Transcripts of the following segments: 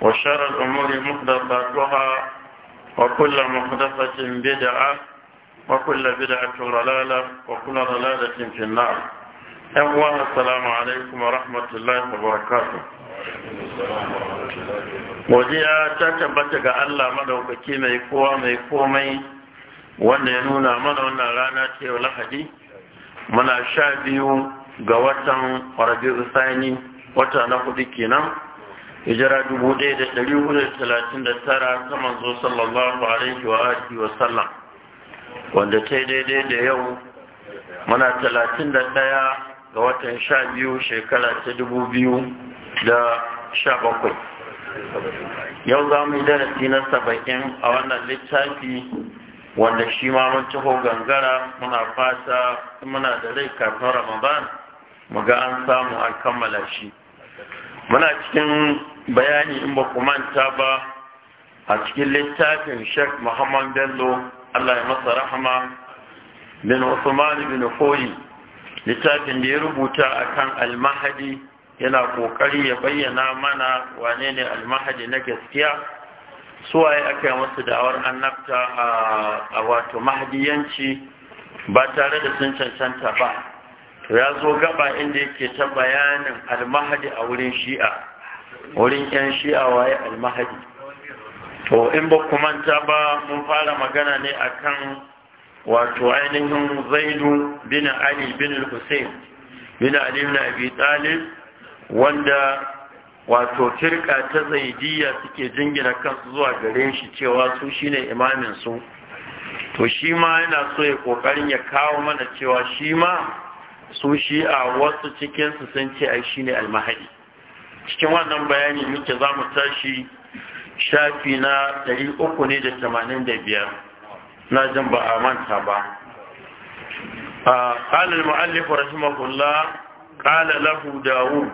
وشر الأمور محدثاتها وكل محدثة بدعة وكل بدعة ضلالة وكل ضلالة في النار أولا السلام عليكم ورحمة الله وبركاته wajiya ta tabbata ga Allah madaukaki mai kowa mai komai wanda ya nuna mana wannan rana ce yau lahadi muna sha biyu ga watan rabi'u sani wata na hudu kenan hijira 1439 ta manzo sallallahu alaihi wa alihi wa sallam wanda ta yi daidai da yau muna talatin da ɗaya ga watan sha biyu shekara ta dubu biyu da sha bakwai. yau za mu yi darasi na saba'in a wannan littafi wanda shi ma mun taho gangara muna fata muna da rai kafin ramadan mu ga an samu an kammala shi muna cikin bayani in ba ku manta ba a cikin littafin Sheikh Muhammad Bello Allah ya masa rahama bin Usman bin Khori littafin da ya rubuta akan al-Mahdi yana kokari ya bayyana mana wane ne al-Mahdi na gaskiya suwaye aka yi masa da'awar annabta a wato mahdiyanci ba tare da sun cancanta ba ya zo gaba inda yake ta bayanin al-Mahdi a wurin Shi'a wurin yan shi'a waye almahadi to in ba manta ba mun fara magana ne akan wato ainihin zaidu bin ali bin hussein bin ali bin abi talib wanda wato firka ta zaidiya suke jingina kansu zuwa gare shi cewa su shine imamin su to shi ma yana so ya kokarin ya kawo mana cewa shi ma su shi'a wasu cikinsu sun ce ai shine almahadi cikin wannan bayani muke za mu tashi shafi na 385 na jan ba a manta ba قال المؤلف رحمه الله قال له داود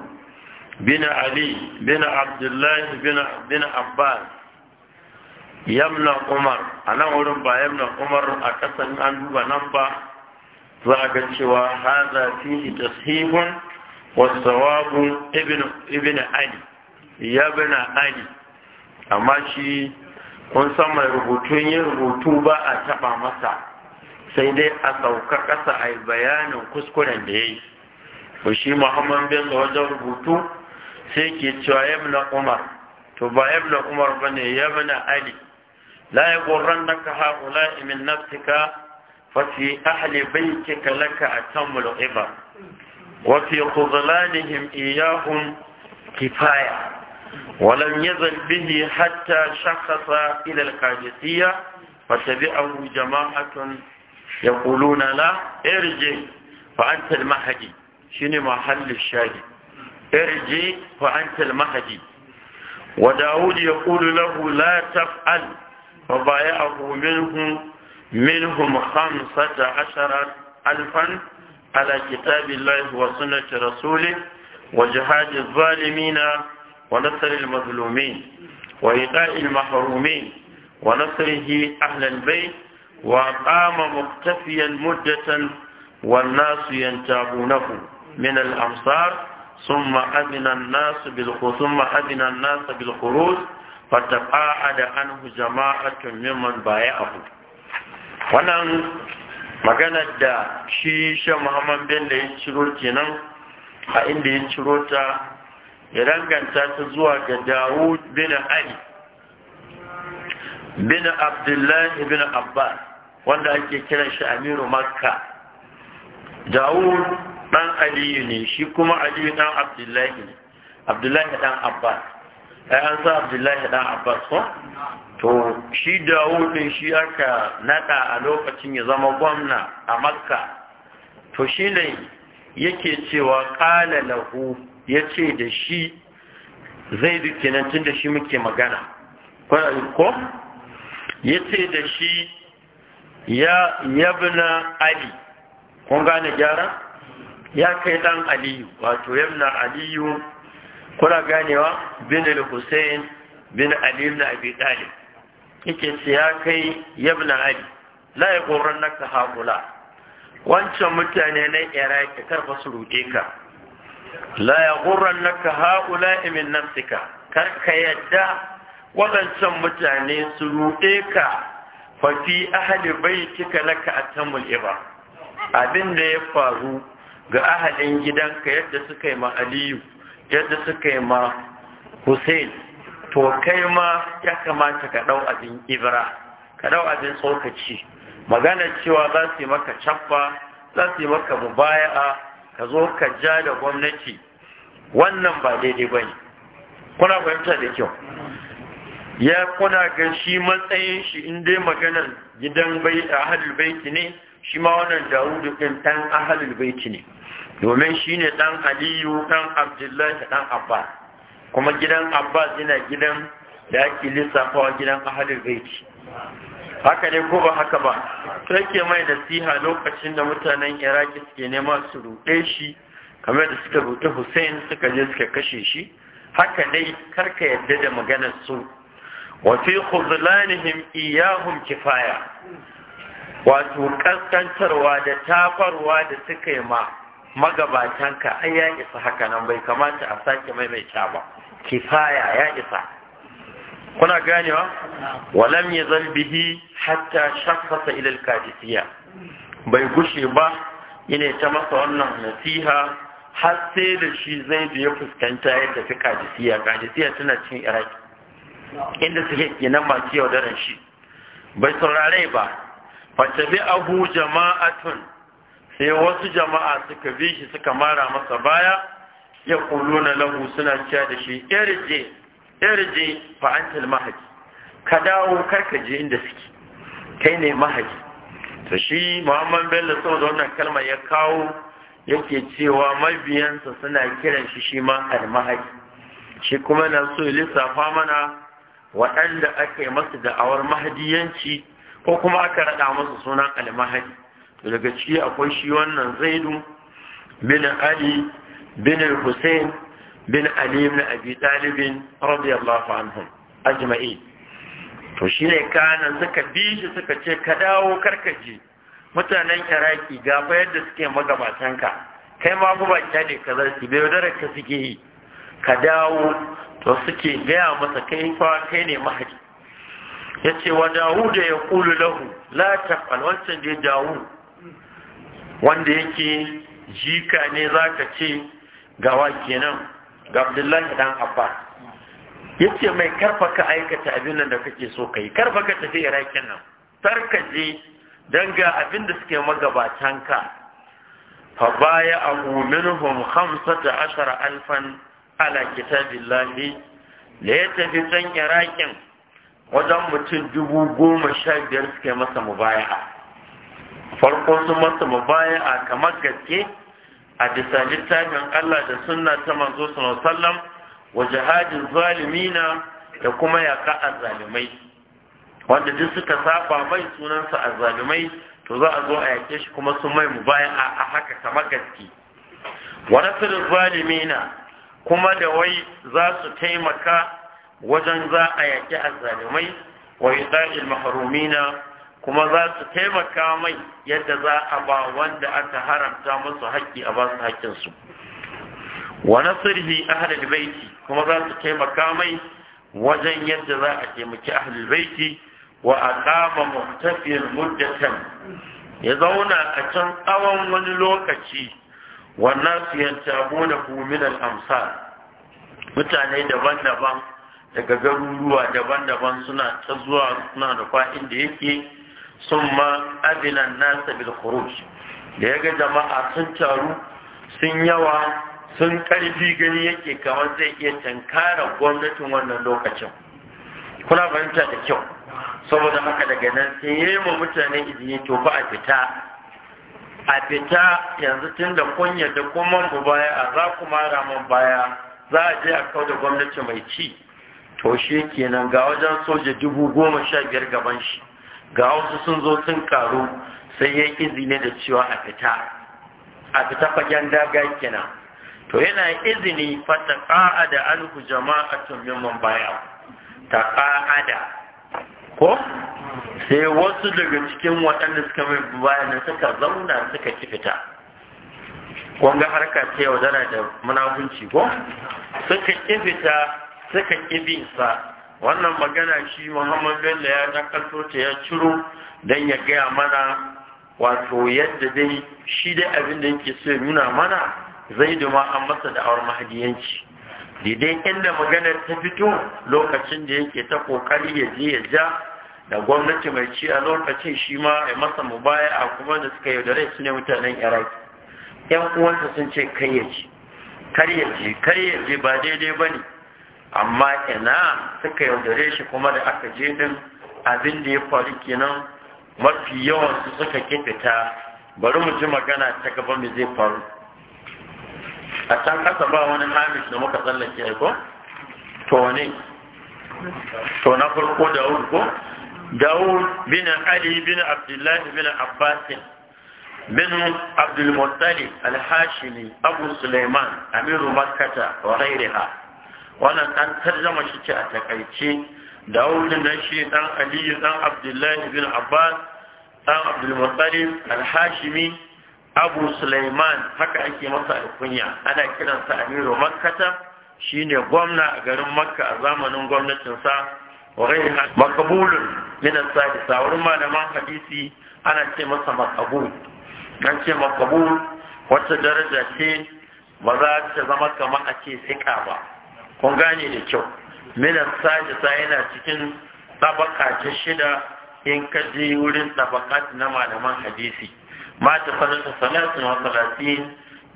بن علي بن عبد الله بن بن عباس يمنع عمر انا ورم با يمنع عمر اكثر ان دوبا نمبا za هذا فيه تصحيح wasawabu ibn ali ya ali amma shi kun san mai rubutun yin rubutu ba a taba masa sai dai a sauka ƙasa a yi bayanin kuskuren da ya yi ba shi muhammad bin da wajen rubutu sai ke cewa ya bina umar to ba ya umar ba ne ya bina ali la ya gurran da ka haƙula imin nafsika fa fi laka a can ibar وفي خذلانهم إياهم كفاية ولم يزل به حتى شخص إلى القادسية فتبعه جماعة يقولون لا ارجع فأنت المهدي شنو محل الشاهد ارجع فأنت المهدي وداود يقول له لا تفعل فبايعه منهم منهم خمسة عشر ألفا على كتاب الله وسنة رسوله وجهاد الظالمين ونصر المظلومين وإيطاء المحرومين ونصره أهل البيت وقام مقتفيا مدة والناس ينتابونه من الأمصار ثم أذن الناس ثم أذن الناس بالخروج فتقاعد عنه جماعة ممن بايعه wannan maganar da shi shan muhammad bin da ya ciro kenan a inda ya ciro ta ya danganta ta zuwa ga dawud bin ali bin abdullahi bin abbas wanda ake kiran shi amiru makka dawud dan aliyu ne shi kuma aliyu dan abdullahi ne abdullahi dan abbas ai an sa abdullahi dan abbas ko to shi Dawudi shi aka naɗa a lokacin ya zama gwamna a makka to shi ne yake cewa kala lahu ya ce da shi zai duke tun da shi muke magana ko ya ce da shi ya yabna ali kun gane gyara ya kai dan aliyu wato yabna aliyu kuna ganewa bin al-hussein bin ali ibn abi talib yake ya kai yabna ali la ya goron naka hakula wancan mutane na iraki karfa su ruɗe ka la ya goron naka hakula imin nafsika kar ka yadda waɗancan mutane su ruɗe ka fafi ahali bai cika laka a iba abin da ya faru ga ahalin gidanka yadda suka yi ma aliyu yadda suka yi ma hussein to kai ma ya kamata ka ɗau abin ibra ka dau abin tsokaci magana cewa za su yi maka cappa za su yi maka mubaya'a ka zo ka ja da gwamnati wannan ba daidai bane kuna fahimta da kyau ya kuna ga shi matsayin shi in dai maganar gidan bai ahalul baiti ne shi ma wannan dawudu ɗin dan ahalul baiti ne domin shine ne ɗan aliyu ɗan abdullahi ɗan abba kuma gidan abbas yana gidan da ake lissafawa gidan ahalin baiti haka ne ko ba haka ba ke mai nasiha lokacin da mutanen iraki suke nema su rute shi kamar da suka rute hussein suka je suka kashe shi haka ne karka yadda da maganar su wa fi khuzlanihim iyahum kifaya wato kaskantarwa da tafarwa da suka yi ma magabatanka an ya isa haka nan bai kamata a sake maimaita ba kifaya ya isa kuna ganewa walam ya bihi hatta shafasa ilal kadisiya bai gushe ba Ine ta masa wannan nasiha har sai da shi zai da ya fuskanta ya tafi kadisiya kadisiya tana cin iraki inda suke kenan ba yau daren shi bai saurare ba fata bi ahu jama'atun sai wasu jama'a suka bi shi suka mara masa baya ya kuluna lahu suna cewa da shi irje irje fa antal mahaji ka dawo karka je inda suke kai ne mahaji to shi muhammad bello saboda wannan kalma ya kawo yake cewa mabiyansa suna kiran shi shi ma almahaji shi kuma na so lissafa mana waɗanda aka yi masu da'awar mahadiyanci ko kuma aka raɗa masa sunan almahadi to daga ciki akwai shi wannan zaidu bin ali Binin al-Hussein bin Ali ibn Abi Talib radiyallahu anhum ajma'in to shine kana suka bi shi suka ce ka dawo karkaje mutanen Iraki ga fa yadda suke magabatan ka kai ma ku ba ne ka zarci bai wadar suke yi ka dawo to suke gaya masa kai fa kai ne mahadi yace wa Dawud ya kulu lahu la tafal wancan da Dawud wanda yake jika ne zaka ce gawa kenan ga abdullahi dan abbas ya ce mai karfa ka aikata abin da kake so ka yi karfa ka tafi iraki nan tarkaje don ga abin da suke magabatan ka fa baya a muminhum hamsata ashara alfan ala kitabillahi da ya tafi can irakin wajen mutum dubu goma sha biyar suke masa mubaya'a farko sun masa mubaya'a kamar gaske a bisa littafin Allah da sunna ta manzo sallam wa jihadin zalimina da kuma yaƙa azzalimai wanda duk suka saba mai sunansa azzalimai to za a zo a yake shi kuma sun mai mubaya a haka kama gaske wa nasirin zalimina kuma da wai za su taimaka wajen za a yaƙi azzalimai wa yi mahrumina kuma za su taimaka mai yadda za a ba wanda aka haramta musu haƙƙi a ba su haƙƙinsu wani nasirhi ahalil baiti kuma za su taimaka mai wajen yadda za a taimaki ahalil baiti wa kama muhtafiyal muddatan ya zauna a can tsawon wani lokaci wannan su yantabuna min al amsa mutane daban-daban daga garuruwa daban-daban suna ta zuwa suna da fa'in da yake summa adina an-nas bil khuruj da yaga jama'a sun taru sun yawa sun karfi gani yake kamar zai iya tankara gwamnatin wannan lokacin kuna fahimta da kyau saboda haka daga nan sai ya yi wa mutane izini to fa a fita a fita yanzu tun da kun yarda kuma mu baya a za ku mara baya za a je a kau da gwamnati mai ci to shi kenan ga wajen soja dubu goma sha biyar gaban shi ga wasu sun zo sun karu sai ya izini da cewa a fita a fita fagen daga kenan to yana izini fata ƙa'ada alku jama'atun man baya ta ƙa'ada ko sai wasu daga cikin waɗanda suka mai bayanan suka zauna suka ci fita wanga harka ce yaudara da munafunci ko suka ƙi fita suka ƙi bin wannan magana shi muhammad bello ya dakato ta ya ciro don ya gaya mana wato yadda dai shi dai abin da yake so nuna mana zai ma an masa da'awar mahadiyanci daidai inda maganar ta fito lokacin da yake ta kokari ya je ya ja da gwamnati mai ci a lokacin shi ma ya masa mubaya a kuma da suka yaudare su ne mutanen iraq yan uwansa sun ce kai ya ya ba daidai ba ne amma ina suka yaudare shi kuma da aka je din abin da ya faru kenan mafi yawan su suka ki fita bari mu ji magana ta gaba mai zai faru a can kasa ba wani hamish da muka tsallake ya ko to ne to na farko dawud ko dawud bin ali bin abdullahi bin abbasin بن عبد المطلب الهاشمي أبو سليمان أمير مكة وغيرها wannan an tarjama shi ce a takaice dawudin nan shi dan aliyu dan abdullahi bin abbas dan al alhashimi abu sulaiman haka ake masa alkunya ana kiransa amiru makkata shine gwamna a garin makka a zamanin gwamnatinsa wa ghayriha maqbulun min as wurin malaman hadisi ana ce masa maqbul dan ce maqbul wata daraja ce ba za ta zama kamar a ce sika ba kun gane da kyau minas sajisa yana cikin tabaka ta shida in ka je wurin tabaka na malaman hadisi mata sanata salatin wa salatin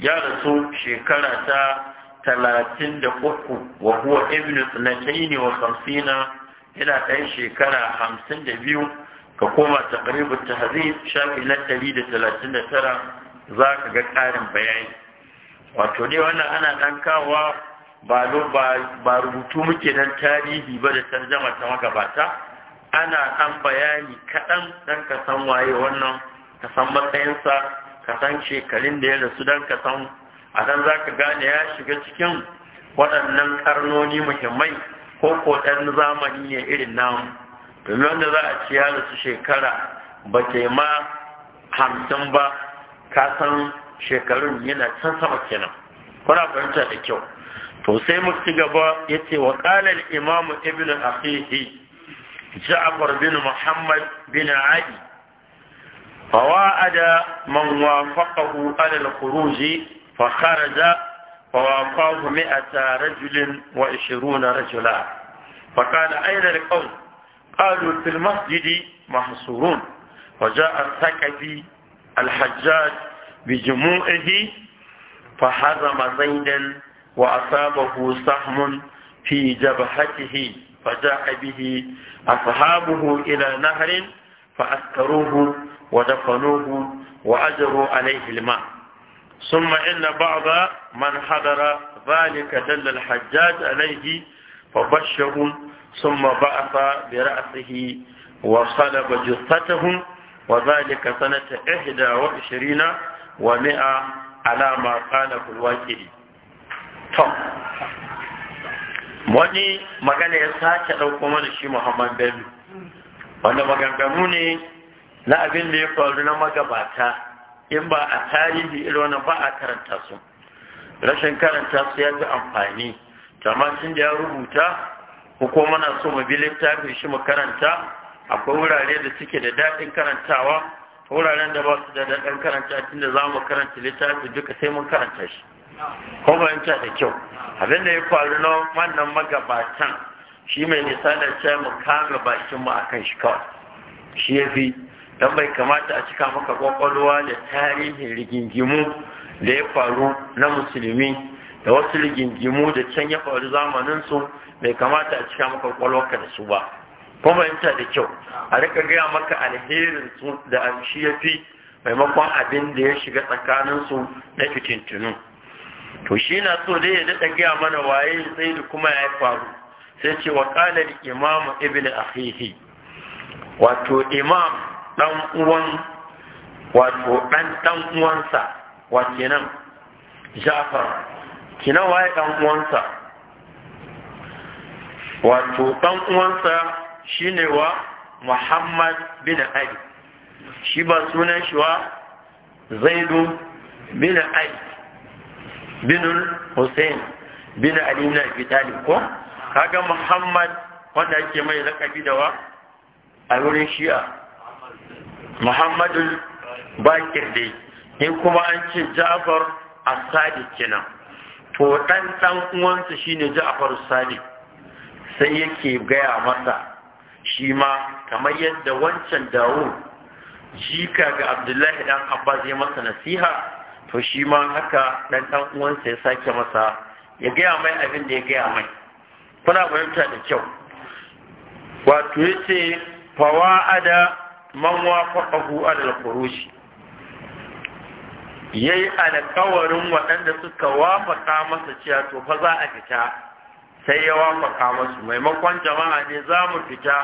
ya rasu shekara ta talatin da uku wa huwa ibnu sanataini wa khamsina yana ɗan shekara hamsin da biyu ka koma ta tahzib shafi na ɗari da talatin da tara za ka ga ƙarin bayani wato dai wannan ana ɗan kawowa ba rubutu muke nan tarihi ba da tarjama ta magabata ana an bayani kaɗan don ka san waye wannan ka san matsayinsa ka san shekarun da ya rasu don ka san a nan za ka gane ya shiga cikin waɗannan karnoni muhimmai ko ko ɗan zamani ne irin namu domin wanda za a ci ya rasu shekara ba ke ma hamsin ba ka san shekarun yana can sama kenan kuna fahimta da kyau وسيم sai يتي وقال الإمام ابن أخيه جعفر بن محمد بن علي فواعد من وافقه على الخروج فخرج فوافاه مئة رجل وعشرون رجلا فقال أين القوم قالوا في المسجد محصورون وجاء الثقفي الحجاج بجموعه فحزم زيدا وأصابه سهم في جبهته فجاء به أصحابه إلى نهر فأسكروه ودفنوه وأجروا عليه الماء ثم إن بعض من حضر ذلك دل الحجاج عليه فبشره ثم بعث برأسه وصلب جثتهم وذلك سنة إحدى وعشرين ومئة على ما قاله الواكري to wani magana ya sake ɗauko mana shi muhammad bello wanda maganganu ne na abin da ya faru na magabata in ba a tarihi irin ba a karanta su rashin karanta su ya fi amfani tamasin da ya rubuta ko mana so mu bi littafin shi mu karanta akwai wurare da suke da daɗin karantawa wuraren da ba su da daɗin karanta da za mu karanta littafin duka sai mun karanta shi ko da kyau abin da ya faru na wannan magabatan shi mai nisa da ce mu kame bakin mu akan shi kawai shi ya fi don bai kamata a cika maka kwakwalwa da tarihin rigingimu da ya faru na musulmi da wasu rigingimu da can ya faru zamaninsu bai kamata a cika maka ka da su ba ko fahimta da kyau a rika gaya maka alherin su da shi ya fi maimakon abin da ya shiga tsakaninsu na fitintunu to shi na so dai ya daɗa gaya mana waye sai da kuma ya faru sai ce wa ƙalar imam ibn ahihi wato imam ɗan uwan wato ɗan ɗan uwansa wa nan. jafar kina waye ɗan uwansa wato ɗan uwansa shi ne wa muhammad bin ali shi ba sunan shi wa zaidu bin ali binul hussein bin ali na abi talib ko kaga muhammad wanda yake mai lakabi da wa a wurin shi'a muhammadul bakir dai in kuma an ce ja'far as-sadiq kenan to dan dan uwansa shine ja'far as-sadiq sai yake gaya masa shi ma kamar yadda wancan dawo jika ga abdullahi dan abbas ya masa nasiha to shi ma haka dan dan uwansa ya sake masa ya gaya mai abin da ya gaya mai kuna fahimta da kyau wato ya ce fawa'ada man wafaqahu kurushi Ya yi alƙawarin waɗanda suka wafaka masa cewa to fa za a fita sai ya wafaka masu maimakon jama'a ne za mu fita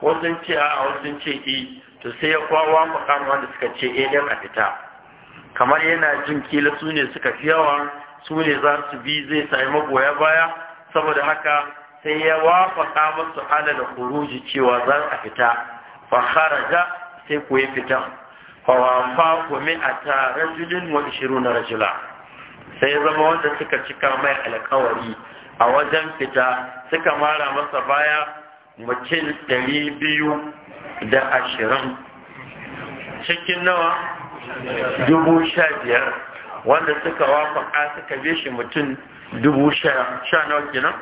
ko sun ce a sun ce i e. to sai ya kwa wafaka wanda suka ce eh a fita kamar yana jin kila su ne suka fi yawa su ne za su bi zai sami magoya baya saboda haka sai ya wafa masu ala da kuruji cewa za a fita fa kharaja sai ku yi fita fa wafa ku mi rajulin wa na rajula sai zama wanda suka cika mai alkawari a wajen fita suka mara masa baya mutum ɗari biyu da ashirin cikin nawa dubu sha biyar wanda suka wafaka suka be shi mutum dubu sha nawa kenan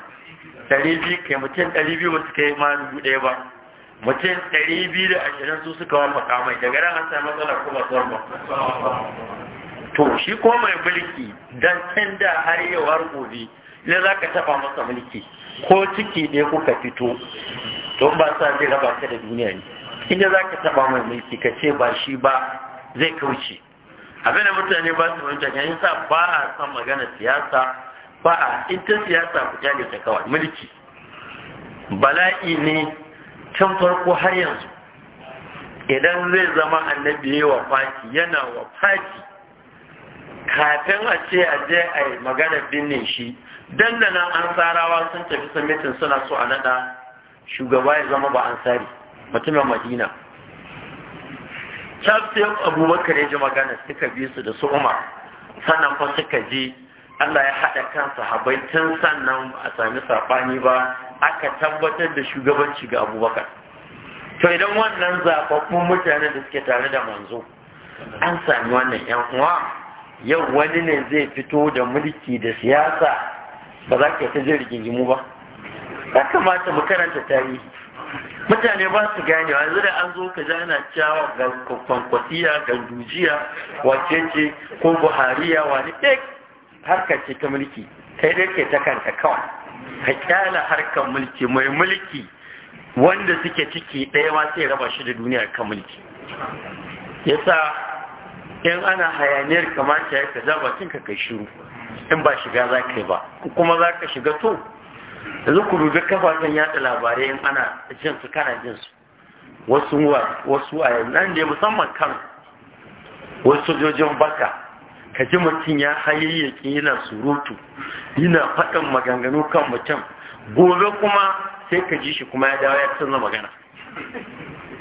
ɗari biyu kai mutum ɗari biyu ba su kai ma dubu ɗaya ba mutum ɗari biyu da ashirin su suka wafaka mai daga ran an sami matsala ko ba to shi ko mai mulki don can da har yau har gobe ne za ka taɓa masa mulki ko ciki ɗaya kuka fito don ba sa zai raba ka da duniya ne inda za ka taɓa mai mulki ka ce ba shi ba zai kauce abin da mutane ba su wancan yayin yasa ba a san magana siyasa ba a ita siyasa ku jale ta kawai mulki bala'i ne tun farko har yanzu idan zai zama annabi ya wa faki yana wa faki kafin a ce a je a yi magana binne shi dandana an tsarawa sun tafi samitin suna so a nada shugaba ya zama ba an tsari mutumin madina shafiyan abubakar ya ji magana suka bi su da su umar sannan fa suka ji Allah ya haɗa kan sahabai tun sannan a sami saɓani ba aka tabbatar da shugabanci ga abubakar to idan wannan zaɓaɓɓun mutane da suke tare da manzo an sami wannan yan uwa yau wani ne zai fito da mulki da siyasa ba za ka ta jin rigingimu ba ya kamata mu karanta tarihi mutane ba su gane yanzu da an zo ka jana cewa ga kwankwasiya ga dujiya wacece ko buhariya wani ɗek harkar ce ta mulki kai dai ke ta kanta kawai ka kyala harkar mulki mai mulki wanda suke ciki ɗaya ma sai raba shi da duniya kan mulki yasa in ana hayaniyar kamata ya ka zaba cin kai shiru in ba shiga za ka yi ba kuma za ka shiga to yanzu ku dubi kafafen yada labarai in ana jin su kana jin su wasu wasu a nan ne musamman kan wasu sojojin baka ka ji mutum ya hayayyaki yana surutu yana faɗin maganganu kan mutum gobe kuma sai ka ji shi kuma ya dawo ya canza magana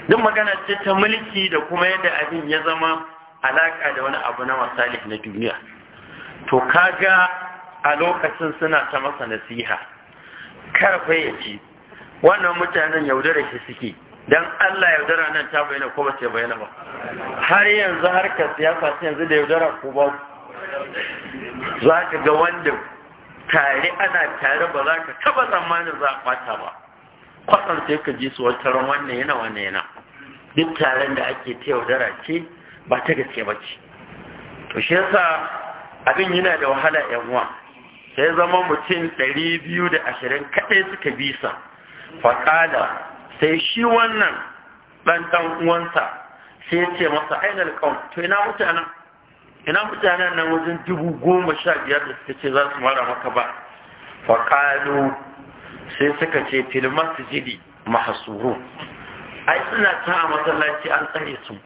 duk magana ce ta mulki da kuma yadda abin ya zama alaƙa da wani abu na masalih na duniya to kaga a lokacin suna ta masa nasiha karfa ya ci wannan mutanen yaudara shi suke dan Allah yaudara nan ta bayyana ko ba ta bayyana ba har yanzu harkar siyasa ta yanzu da yaudara ko ba za ka ga wanda tare ana tare ba za ka taba tsammanin za a ɓata ba Kwasan sai ka ji su wata ran wannan yana wannan yana duk taron da ake ta yaudara ce ba ta gaske ba ce to shi yasa abin yana da wahala yan uwa sai zama mutum ɗari biyu da ashirin kaɗai suka bisa Faƙada sai shi wannan ɗan ɗan uwansa sai ce masa ainihin ƙaun to ina mutanen ina mutanen nan wajen dubu goma sha biyar da suka ce za su mara maka ba faƙado sai suka ce filmar su jidi mahasuru ai suna ta a masallaci an tsare su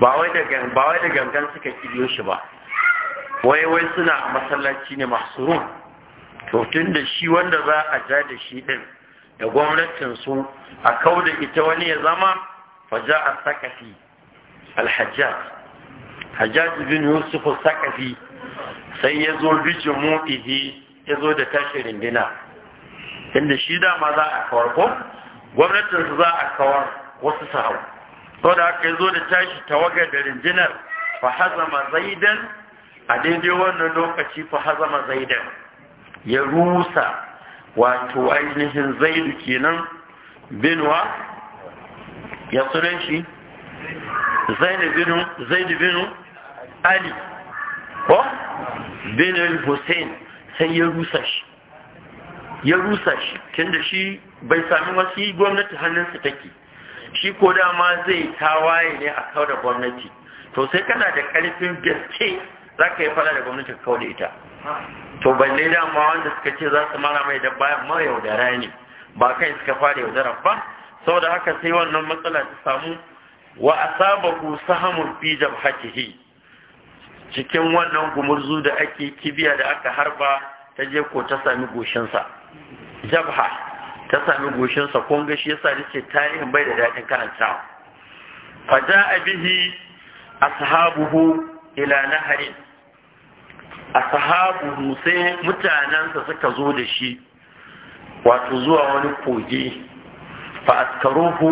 ba wai da gangan suka kiliyo shi ba wai wai suna a masallaci ne masurun to tun da shi wanda za a ja da shi din da gwamnatinsu a kau da ita wani ya zama faja a sakafi alhajjaj hajjaj bin Yusufu sakafi sai ya zo bijin mu'izi ya zo da tashi rindina inda shi dama za a kawar ko Gwamnatinsu za a kawar wasu sahau Sau da aka zo da tashi tawagar da rindinar fa hazama zaidan a daidai wannan lokaci fa hazama zaidan ya rusa wato ainihin zaidu kenan binwa ya tsoron shi zaidu binu ali ko binu hussein sai ya rusa shi ya rusa shi tunda shi bai sami wasu gwamnati hannunsa take shi ko dama zai tawaye ne a kawo da gwamnati to sai kana da ƙarfin gaske za ka yi fada da gwamnati kawo da ita to balle ma wanda suka ce za su mara mai dabba mara yaudara ne ba kai suka fara yaudara ba saboda haka sai wannan matsala ta samu wa ku sahamun fi jabhatihi cikin wannan gumurzu da ake kibiya da aka harba ta je ko ta sami goshinsa jabha ta sami goshinsa kun ga shi yasa nace tarihin bai da daɗin karanta fa a bihi ashabuhu ila naharin sahabu sai mutanansa suka zo da shi wato zuwa wani kogi fa askaruhu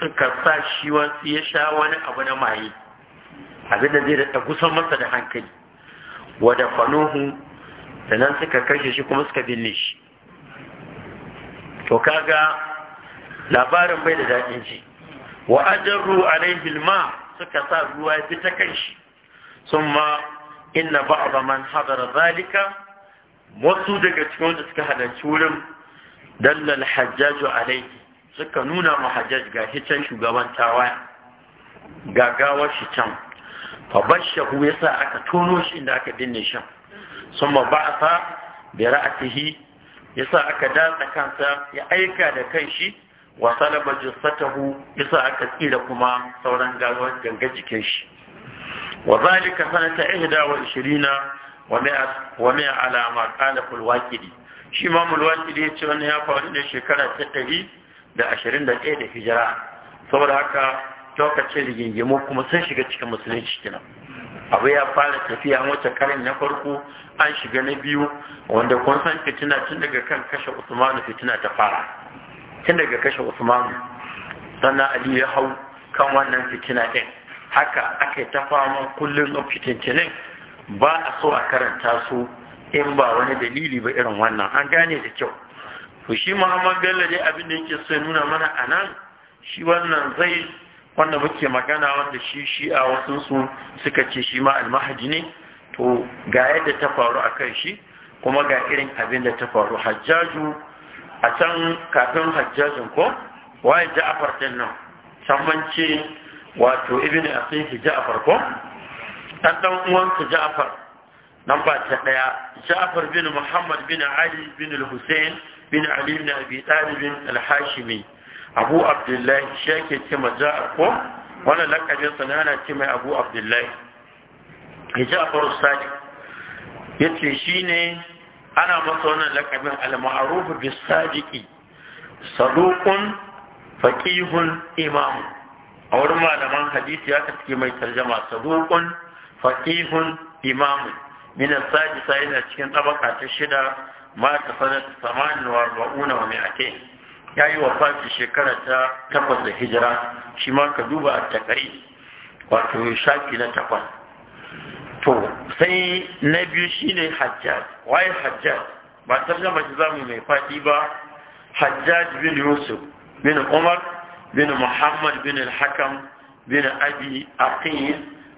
suka sa shi wasu ya sha wani abu na maye abinda zai da kusan masa da hankali wada fanuhu da nan suka kashe shi kuma suka binne shi to kaga labarin bai da daɗin ji wa ajarru alaihi ma suka sa ruwa ya fita kan shi summa inna ba'da man hadara zalika wasu daga cikin wanda suka halarci wurin dallal hajjaju alaihi suka nuna ma hajjaj ga shi can shugaban tawa ga gawar shi can ya yasa aka tono shi inda aka binne shi summa ba'atha bi ra'atihi yasa aka datsa kansa ya aika da kanshi wa salaba ya yasa aka tsira kuma sauran gawar gangar jikin shi وذلك سنة 21 ومئة على ما قاله الواكدي shi mamul wakili ya ce wannan ya faru da shekara ta ɗari da ashirin da ɗaya da hijira saboda haka lokacin rigingimu kuma sun shiga cikin musulunci kenan abu ya fara tafiya wacce karin na farko an shiga na biyu wanda kun san fitina tun daga kan kashe Usman fitina ta fara tun daga kashe usmanu sannan ali ya hau kan wannan fitina ɗin haka aka ta faman kullum fitincinin ba a so a karanta su in ba wani dalili ba irin wannan an gane da kyau to shi muhammad bello dai abin da yake so nuna mana a nan shi wannan zai wanda muke magana wanda shi shi a wasu su suka ce shi ma almahadi ne to ga yadda ta faru a kan shi kuma ga irin abin da ta faru hajjaju a can kafin hajjajin ko waye ja'afar din nan can wato ibn akhihi ja'far ko dan dan uwansa ja'far nan ba ta daya ja'far bin muhammad bin ali bin al-husayn bin ali bin abi talib al-hashimi abu abdullahi shi ce ma ko wannan lakabin sa ana ce mai abu abdullahi ja'far as yace shine ana masa wannan lakabin al-ma'ruf bis-sadiqi saduqun Imam. a wurin malaman hadisi aka cike mai tarjama saduqun faqihun imamun min as-sadisa na cikin tabaka ta shida ma ta sanat 840 wa 200 yayi wafati shekara ta takwas da hijira shi ma ka duba a takari wato shafi na takwas to sai na biyu shine hajjaj wai hajjaj ba tarjama shi zamu mai fadi ba hajjaj bin yusuf bin umar بن محمد بن الحكم بن أبي أقيل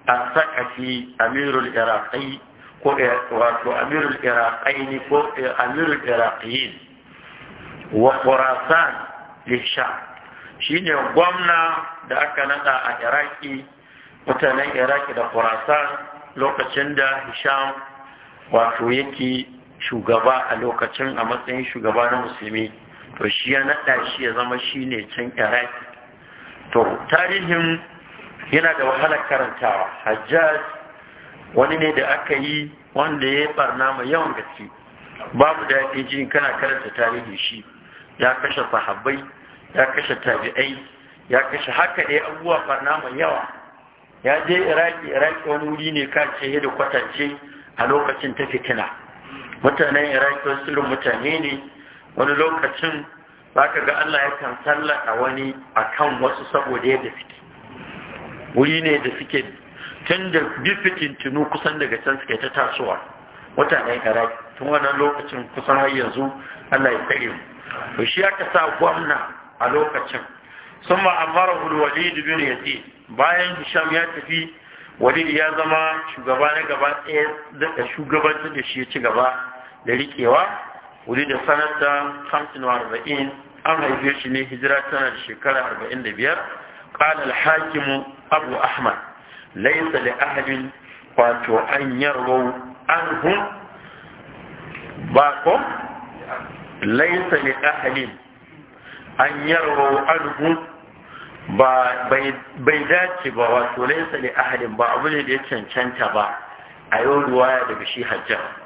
الثقفي أمير العراقي وأمير العراقيين أمير العراقيين وخراسان للشعب شيني قمنا da aka naɗa a iraki mutanen iraki da khurasan lokacin da hisham wato yake shugaba a lokacin a matsayin shugaba na musulmi to shi ya naɗa shi ya zama shi ne can iraki to tarihin yana da wahalar karantawa hajjaz wani ne da aka yi wanda ya yi barna mai yawan gaske babu da ya jin kana karanta tarihi shi ya kashe sahabbai ya kashe tabi'ai ya kashe haka dai abubuwa barna mai yawa ya je iraki iraki wani wuri ne kace da kwatance a lokacin ta fitina mutanen iraki wasu mutane ne wani lokacin ka ga Allah ya yakan a wani akan wasu saboda yadda fiti wuri ne da suke tun da bifitin tunu kusan daga can suke ta tasowa mutane gara tun wannan lokacin kusan har yanzu Allah ya tsare mu to shi aka sa gwamna a lokacin summa amara hul walid bin yazid bayan hisham ya tafi walid ya zama shugaba na gaba ɗaya da shugabanci da shi ya ci gaba da riƙewa wuri da sanata 45 an haife shi ne hijira tana da shekara 45 qala al-hakim abu ahmad laysa li ahadin wato an yarwa anhum ba ko laysa li ahadin an yarwa anhum ba bai dace ba wato laysa li ahadin ba abu ne da ya cancanta ba a yau ruwaya daga shi hajjar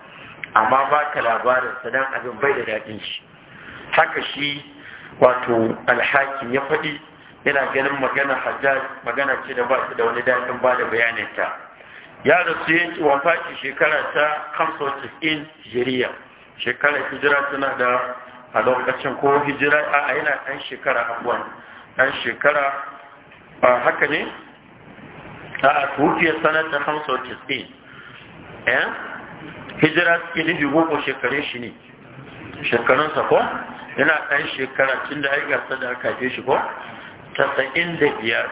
amma ba ka labarin don abin bai da daɗin shi haka shi wato alhakim ya faɗi yana ganin magana hajjaj magana ce da ba su da wani daɗin ba da bayaninta ya rasu ya ci wafaki shekara ta in jiriya shekara hijira tana da a lokacin ko hijira a yana ɗan shekara abuwan ɗan shekara haka ne a tufiyar sanar da in hijira suke nufi ko shekare shi ne shekarunsa ko yana ɗan shekara tun da haigar sa da aka haife shi ko tasa'in da biyar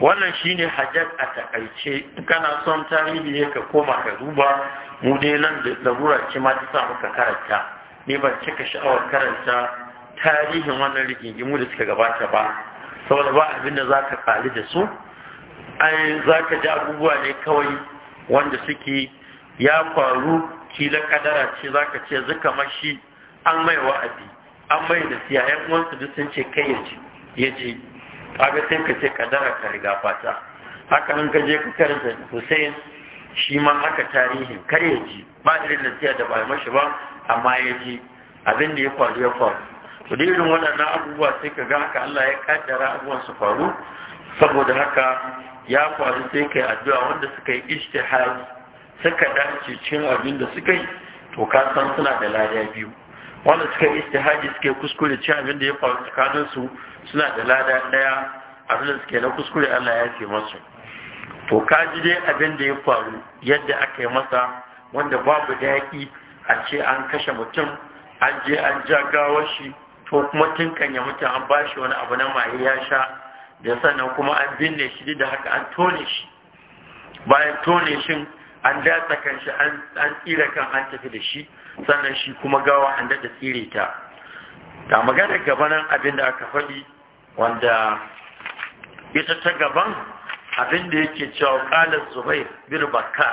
wannan shine ne hajjar a takaice kana son tarihi ne ka koma ka duba mu dai nan da larura ce ma ta sa ka karanta ne ban cika sha'awar karanta tarihin wannan rigingimu da suka gabata ba saboda ba abin da za ka kali da su ai za ka ji abubuwa ne kawai wanda suke ya faru da kadara ce zaka ce zuka mashi an mai wa'azi an mai da siya yan uwansu duk sun ce kai ya ce ya kaga sai ka ce kadara ka riga fata haka nan ka je ka karanta Hussein shi ma haka tarihin kar ya ji ba irin siya da ba mashi ba amma ya ji abin da ya faru ya faru to irin waɗannan abubuwa sai ka ga haka Allah ya kaddara abubuwan su faru saboda haka ya faru sai kai addu'a wanda suka yi ijtihadi suka dace cin abin da suka yi to ka san suna da lada biyu wanda suka yi istihaji suka kuskure cin abin da ya faru tsakanin su suna da lada daya abin da suke na kuskure Allah ya ce masu to ka ji dai abin da ya faru yadda aka yi masa wanda babu yaki a ce an kashe mutum an je an ja gawar shi to kuma tun mutum an ba shi wani abu na maye ya sha da sannan kuma an binne shi da haka an tone shi bayan tone shin an datsa kan shi an tsira kan an tafi da shi sannan shi kuma gawa an daɗa tsire ta ga maganar gabanin abin da aka faɗi wanda ita ta gaban abin da yake cewa ƙalar zubai bir bakka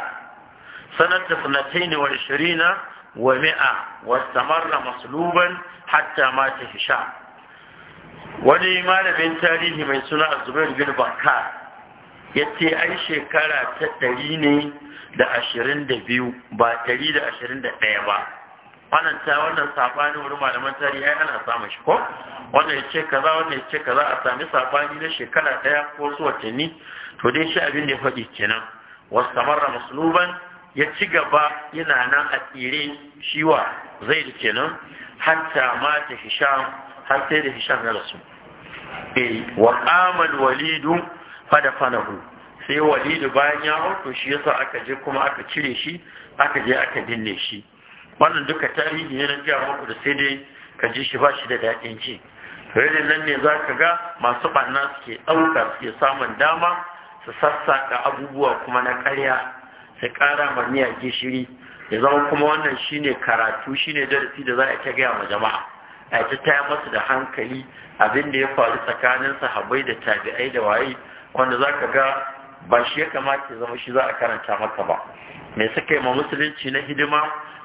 sanata sanatai ne wa shirina wa mi'a wa samarra masluban hatta fi sha. wani malamin tarihi mai suna zubair bin bakka ya ce ai shekara ta ɗari ne da ashirin da biyu ba ɗari da ashirin da ɗaya ba wannan ta wannan saɓani wurin malaman tarihi ai ana samun shi ko wannan ya ce kaza wannan ya ce kaza a sami saɓani na shekara ɗaya ko su watanni to dai shi abin da ya faɗi kenan wasu tamarra musuluban ya ci gaba yana nan a tsire shiwa zai da kenan hatta mata hisham har sai da hisham ya rasu eh wa amal walidu fadafanahu sai walidu bayan ya mutu shi yasa aka je kuma aka cire shi aka je aka binne shi wannan duka tarihi ne na jiya muku da sai dai ka ji shi ba shi da daɗin ji rere nan ne za ka ga masu ɓanna suke ɗauka suke samun dama su sassaƙa abubuwa kuma na ƙarya su ƙara ma miya gishiri ya zama kuma wannan shine karatu shine darasi da za a ta gaya ma jama'a a ta taya masu da hankali abin da ya faru tsakanin sahabbai da tabi'ai da waye wanda za ka ga ba shi ya kamata zama shi za a karanta maka ba mai suka ma musulunci na hidima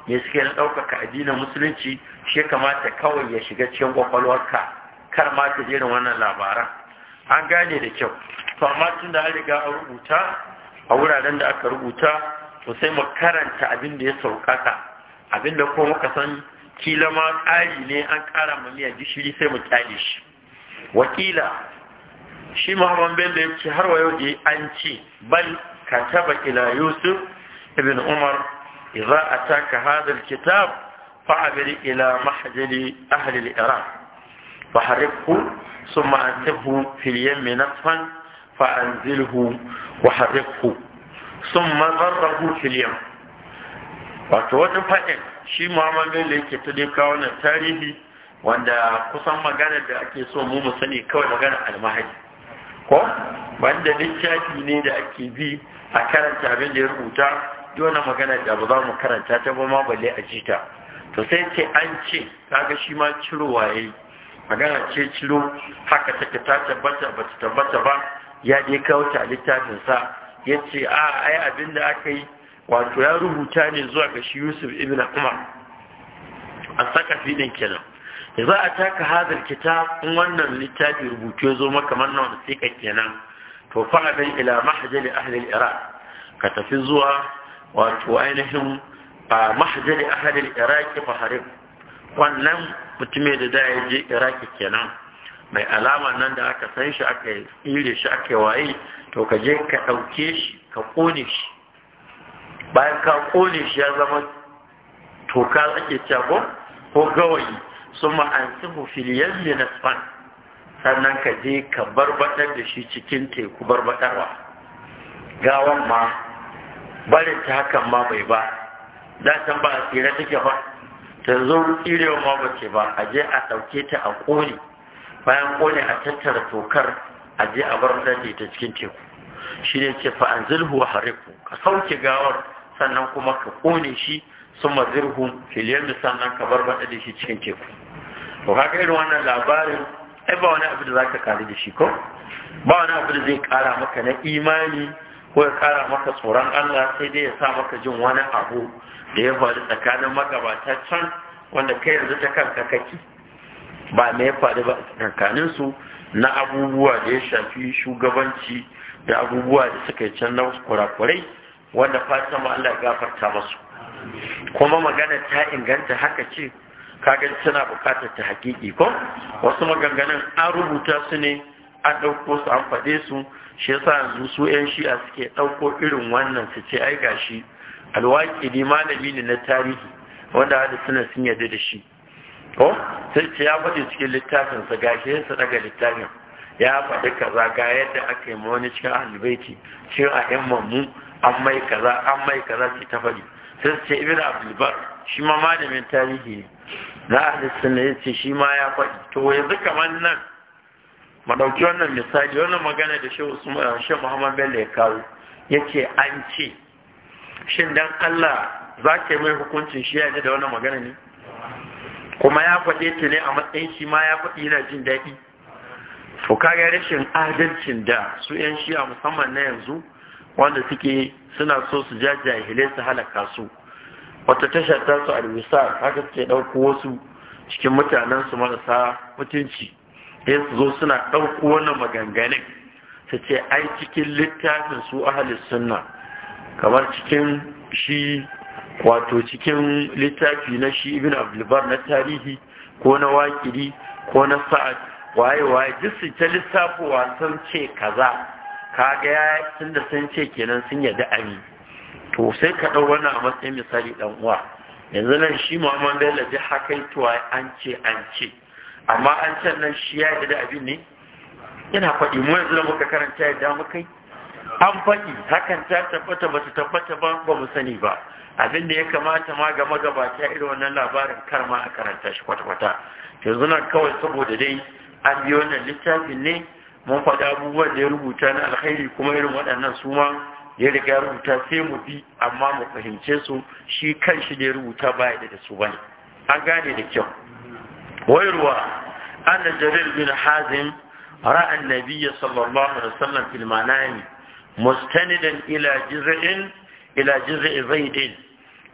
mai suka na ɗaukaka addinin musulunci shi ya kamata kawai ya shiga cikin kwakwalwarka kar ma ta jerin wannan labaran an gane da kyau to amma tun da an riga an rubuta a wuraren da aka rubuta to sai mu karanta abin da ya saukaka abin da kuma muka san kila ma ƙari ne an ƙara ma miya gishiri sai mu kyale shi wakila shi muhammad bello ya ce har wa yau eh, an ci bal ka taba ila yusuf ibn umar za a ta ka hadha kitab fa'abir ila mahjali ahli al-iraq fahribhu thumma antibhu fil yam natfan fa'anzilhu wa harribhu thumma dharrahu fil yam wato wata fa'in shi muhammad bello yake ta dai kawo nan tarihi wanda kusan magana da ake so mu mu sani kawai magana almahadi ko banda littafi ne da ake bi a karanta abin da ya rubuta yana magana da ba za mu karanta ta ba ma balle a jita to sai ce an ce kaga shi ma cirowa yayi magana ce ciro haka take ta tabbata ba ta tabbata ba ya je kawo ta littafin sa yace a ai abin da aka yi wato ya rubuta ne zuwa ga shi Yusuf ibn Umar a saka fidin kenan za a taka hadar kita in wannan littafi rubutu ya zo maka manna wanda sai ka kenan to fa'adan ila mahajali ahlil iraq ka tafi zuwa wato ainihin a mahajali ahlil iraq fa harib wannan mutumin da da ya je iraq kenan mai alama nan da aka san shi aka tsire shi aka waye to ka je ka ɗauke shi ka ƙone shi bayan ka kone shi ya zama toka ake cewa ko gawayi suma an sihu filiyan ne nasfan sannan ka je ka barbatar da shi cikin teku barbatarwa gawan ma barin ta hakan ma bai ba da san ba a tsira take ba ta zo tsirewa ma ba ce ba a je a sauke ta a ƙone bayan ƙone a tattara tokar a je a bar da ta cikin teku shi ne ce fa'an zilhu wa hariku ka sauke gawar sannan kuma ka ƙone shi sun zirhu filiyar sannan ka barbaɗa da shi cikin teku to haka irin wannan labarin ai ba wani abu da za ka kare da shi ko ba wani abu da zai kara maka na imani ko ya kara maka tsoron Allah sai dai ya sa maka jin wani abu da ya faru tsakanin magabata can wanda kai yanzu ta kanka kake ba me ya faru ba tsakanin su na abubuwa da ya shafi shugabanci da abubuwa da suka yi can na kurakurai wanda fatan ma Allah ya gafarta masu kuma magana ta inganta haka ce kaga suna bukatar ta hakiki ko wasu maganganun an rubuta su ne an ɗauko su an faɗe su shi yasa yanzu su 'yan shi'a suke ɗauko irin wannan su ce ai gashi ne malami ne na tarihi wanda hada suna sun yarda da shi ko sai ce ya faɗi cikin littafin sa gashi sai daga littafin ya faɗi kaza ga yadda aka yi ma wani cikin shi cikin a'imman mu an mai kaza an mai kaza ce ta faɗi sai ce ibn abdulbar shi ma malamin tarihi ne na ahli ya ce shi ma ya faɗi to yanzu kamar nan madauki wannan misali wannan magana da Usman eh, shehu muhammad bello ya kawo ya an ce shin dan allah zake mai hukuncin shi ya da wannan magana ne kuma ya faɗe ta ne a matsayin shi ma ya faɗi yana jin daɗi to kaga rashin adalcin da su yan a musamman na yanzu wanda suke suna so su ja jahilai su halaka su wata tashar ta su alwisa haka suke ɗauko wasu cikin mutanen su marasa mutunci sai su zo suna ɗauko wannan maganganun su ce ai cikin littafin su ahalis sunna kamar cikin shi wato cikin littafi na shi ibn abdulbar na tarihi ko na wakili ko na sa'ad waye waye duk ta lissafowa sun ce kaza kaga ya sun da sun ce kenan sun yarda ami to sai ka ɗau wannan a matsayin misali ɗan uwa yanzu nan shi muhammad bello duk hakaituwa an ce an ce amma an can nan shi ya yi da abin ne yana faɗi mu yanzu muka karanta ya damu kai an faɗi hakan ta tabbata ba su tabbata ba ba mu sani ba abin da ya kamata ma ga magabata irin wannan labarin karma a karanta shi kwata-kwata yanzu nan kawai saboda dai an biyo wannan littafin ne mun faɗi abubuwan da ya rubuta na alkhairi kuma irin waɗannan su ma ya riga rubuta sai mu bi amma mu fahimce su shi kanshi ne rubuta ba da da su bane an gane da kyau wayarwa an da jarir bin hazim ra'a annabi sallallahu alaihi wasallam fil manami mustanidan ila jiz'in ila jiz'i zaidin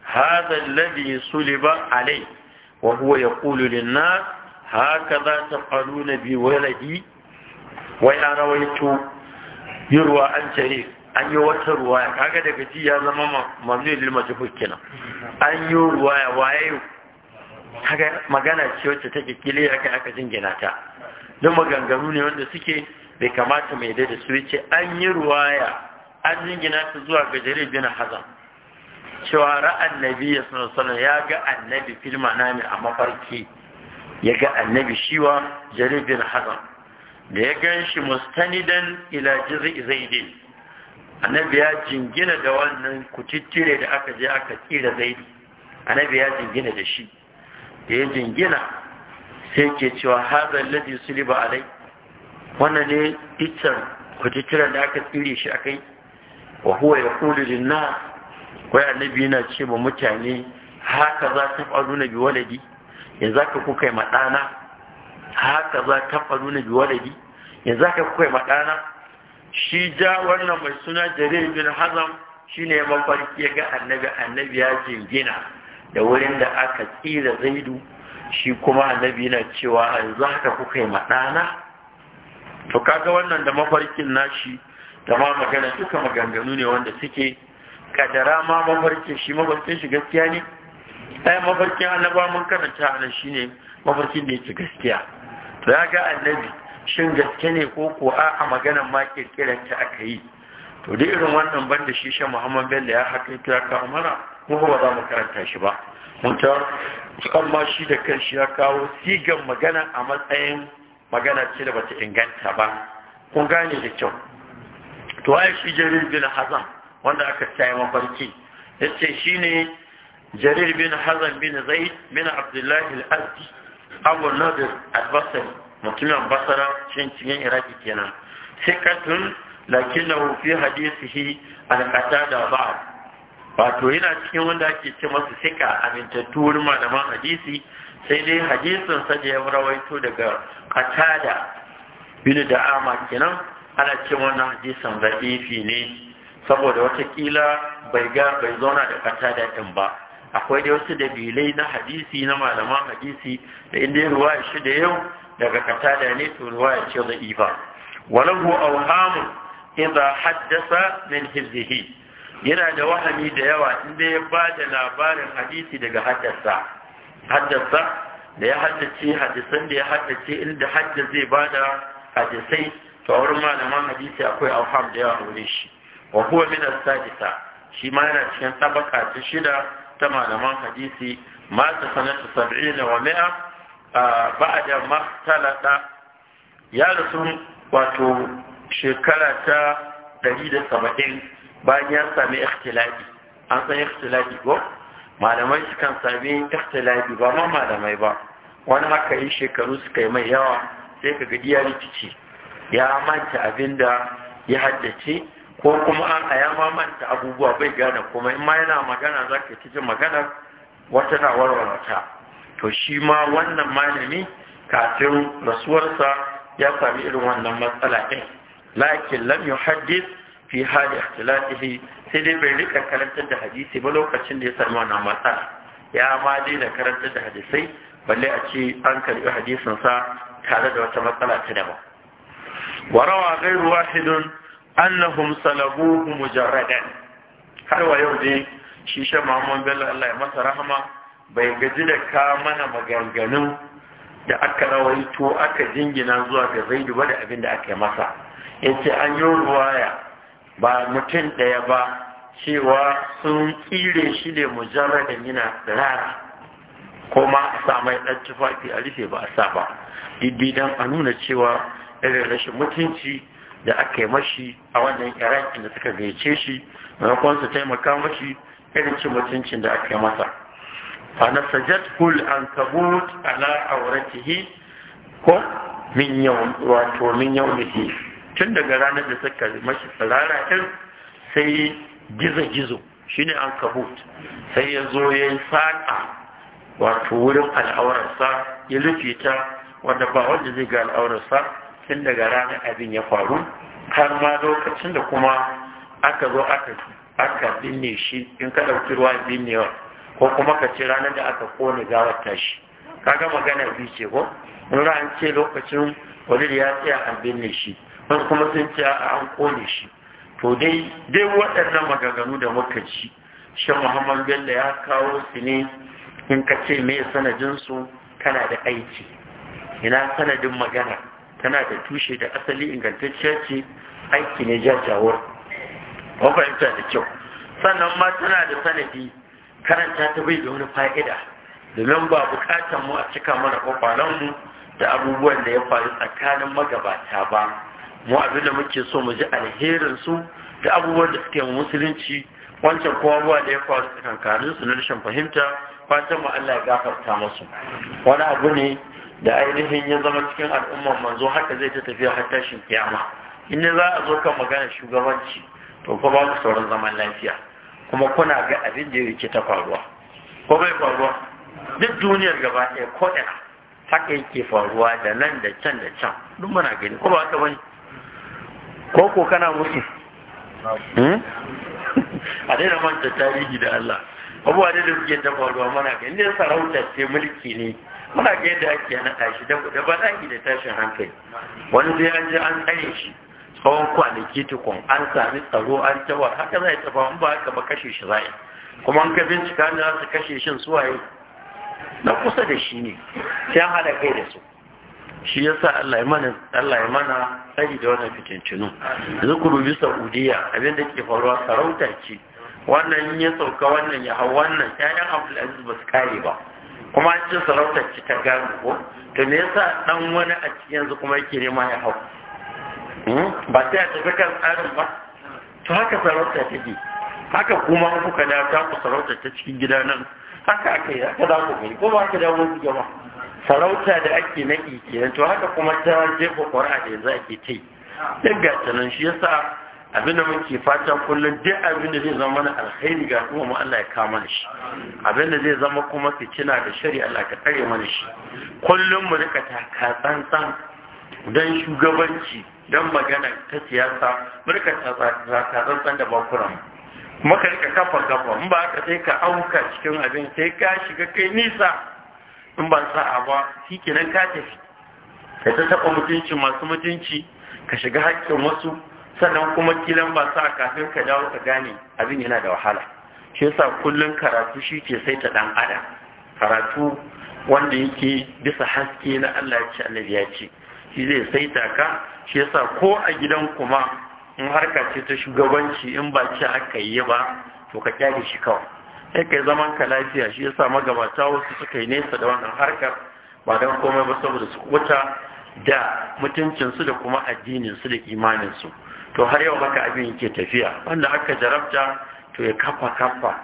hadha alladhi suliba alai wa huwa yaqulu lin nas hakaza taqaluna bi waladi wa ya rawaitu yurwa an jarir an yi wata ruwaya kaga daga ji ya zama mamnu lil majhul kenan an yi ruwaya waye kaga magana ce wacce take kile kai aka jingina ta don maganganu ne wanda suke bai kamata mai da su yace an yi ruwaya an jingina ta zuwa ga jarir bin hazan cewa ra annabi ya sanar ya ga annabi filma na ne a mafarki ya ga annabi shiwa jarir bin hazan da ya gan shi mustanidan ila jizri zaidin annabi ya jingina da wannan kuciccire da aka je aka tsira zaidi annabi ya jingina da shi da ya jingina sai ke cewa haza alladhi suliba alai wannan ne iccen kucicciren da aka tsire shi akai wa huwa yaqulu lin-nas wai annabi yana ce ma mutane haka za ta faru na bi waladi yanzu ka kuka yi madana haka za ta faru na bi waladi yanzu ka kuka yi madana shi ja wannan mai suna jarir bin hazam shine mafarki ga annabi annabi ya jingina da wurin da aka tsira zaidu shi kuma annabi na cewa yanzu haka kuka yi maɗana to kaga wannan da mafarkin nashi da ma magana duka maganganu ne wanda suke kadara ma mafarkin shi mafarkin shi gaskiya ne ɗaya mafarkin annaba mun karanta a nan shine mafarkin da ya ci gaskiya to ya ga annabi shin gaske ne ko ko a maganan ma kirkiran ta aka yi to dai irin wannan banda shi shi Muhammad Bello ya hakaito ya kawo mana ko ba za mu karanta shi ba mun ta amma shi da kanshi ya kawo sigan magana a matsayin magana ce da bata inganta ba kun gane da kyau to ai shi jarir bin hazan wanda aka tsaye mafarki yace shine jarir bin hazan bin zaid bin abdullahi al-azdi abu nadir al-basri mutumin basara cin cikin iraki kenan sikatun na fi hadisihi al da ba'd wato yana cikin wanda ake ce masa sika amintattu wurin malaman hadisi sai dai hadisin sa da ya rawaito daga qatada bin da'ama kenan ana ce wannan hadisin da'ifi ne saboda watakila bai ga bai zauna da qatada din ba akwai dai wasu dabilai na hadisi na malaman hadisi da inda ruwa shi da yau daga katada ne to ruwaya ce da iba walahu awhamu idza haddasa min hizbihi yana da wahami da yawa inda ya ba da labarin hadisi daga haddasa haddasa da ya haddace hadisan da ya haddace inda hadda zai ba da hadisai to a wurin malaman hadisi akwai awham da yawa wurin shi wa huwa min as-sadisa shi ma yana cikin tabaka ta shida ta malaman hadisi ma ta sanata 70 wa 100 ba'da maktalata ya rasu wato shekara ta 170 bayan ya sami ikhtilafi an san ikhtilafi ko malamai sukan sami ikhtilafi ba ma malamai ba wani haka yi shekaru suka yi mai yawa sai ka ga iya rikici ya manta abin da ya haddace ko kuma an a ya manta abubuwa bai gane kuma in ma yana magana za ki yi magana wata na warware to shi ma wannan malami kafin rasuwarsa ya sami irin wannan matsala ɗin lakin lam yuhaddith fi hali ihtilatihi sai dai bai rika karantar da hadisi ba lokacin da ya sami wannan matsala ya ma da karantar da hadisai balle a ce an karɓi hadisinsa tare da wata matsala ta daban warawa gairu wahidun annahum salabuhu mujarradan har wa yau dai shi shan Muhammad Bello Allah ya masa rahama bai gaji da ka mana maganganun da aka rawaito aka jingina zuwa ga zaidu ba da abin da aka yi masa ya ce an yi ruwaya ba mutum ɗaya ba cewa sun tsire shi ne mujallar da yana rara ko ma a sa mai ɗan tufafi a rufe ba a sa ba diddi don a nuna cewa irin rashin mutunci da aka yi mashi a wannan iraki da suka gaice shi maimakon su taimaka mashi irin cin mutuncin da aka yi masa فنسجته العنكبوت على عورته ko min yau wato min yau mihi tun daga ranar da suka mashi tsirara ɗin sai gizo-gizo shine an kabut sai ya zo ya yi saƙa wato wurin al'aurarsa ya rufe ta wanda ba wanda zai ga al'aurarsa tun daga ranar abin ya faru har ma lokacin da kuma aka zo binne shi in ka ɗauki ruwa binnewa ko kuma ka ce ranar da aka kone gawar tashi kaga magana biyu ce ko in ra'an ce lokacin walid ya tsaya an binne shi in kuma sun ce an kone shi to dai dai waɗannan maganganu da muka ci shi muhammad bello ya kawo su ne in ka ce me sanadin su kana da aiki ina sanadin magana tana da tushe da asali ingantacciya ce aiki ne jajawar ba fahimta da kyau sannan ma tana da sanadi karanta ta bai da wani fa'ida domin ba bukatan mu a cika mana mu da abubuwan da ya faru tsakanin magabata ba mu abinda muke so mu ji alherin da abubuwan da suke musulunci wancan kuma ba da ya faru tsakankanin su na rashin fahimta fatan mu Allah ya gafarta musu wani abu ne da ainihin ya zama cikin al'ummar manzo haka zai ta tafiya har tashin kiyama in za a zo kan magana shugabanci to fa babu sauran zaman lafiya kuma kuna ga abin da yake ta faruwa ko bai faruwa duk duniyar gaba ɗaya ko ina haka yake faruwa da nan da can da can duk muna gani ko ba haka bane ko ko kana musu hmm? a daina manta tarihi da Allah abubuwa da suke ta faruwa muna gani ne sarauta ce mulki ne muna ga yadda ake naɗa shi da ba da tashin hankali wani sai an je an tsare shi tsawon kwanaki tukun an sami tsaro an kyawar haka zai taba in ba haka ba kashe shi zai kuma an ka bincika ne su kashe shin suwaye na kusa da shi ne sai an hada kai da su shi yasa Allah ya mana Allah ya mana tsari da wannan fitincinu zukuru bisa udiya Saudiya abin da ke faruwa sarauta ce wannan ya sauka wannan ya hau wannan ƴaƴan Abdul Aziz ba su kare ba kuma an ce sarauta ce ta gano ko to me yasa dan wani a cikin yanzu kuma yake nema ya hau ba sai a tafi kan tsarin ba to haka sarauta ji haka kuma kuka da ta ku sarauta ta cikin gida nan haka aka yi haka za ku gani ko ba ka dawo su gaba sarauta da ake na kenan to haka kuma ta jefa ƙwara da yanzu ake ta yi duk ga tanan shi yasa abinda muke fatan kullum duk abinda zai zama na alkhairi ga kuma mu Allah ya kama shi abinda zai zama kuma fitina da shari'a Allah ka tsare mana shi kullum mu rika ta tsantsan don shugabanci don magana ta siyasa murka tsatsan da bakuran ka rika kafa kafa in ba ka sai ka auka cikin abin sai ka shiga kai nisa in ba sa'a ba shi kenan ka tafi ka ta taɓa mutunci masu mutunci ka shiga haƙƙin wasu sannan kuma kilan ba sa kafin ka dawo ka gane abin yana da wahala shi yasa kullun karatu shi ke sai ta ɗan adam karatu wanda yake bisa haske na Allah ya ce Allah ya ce shi zai saita ka shi yasa ko a gidan kuma in harka ce ta shugabanci in ba ce aka yi ba to ka kyale shi kawai sai kai zaman ka lafiya shi yasa magabata wasu suka yi nesa da wannan harkar ba don komai ba saboda su kuta da mutuncinsu da kuma addininsu da imaninsu to har yau haka abin yake tafiya wanda aka jarabta to ya kafa kafa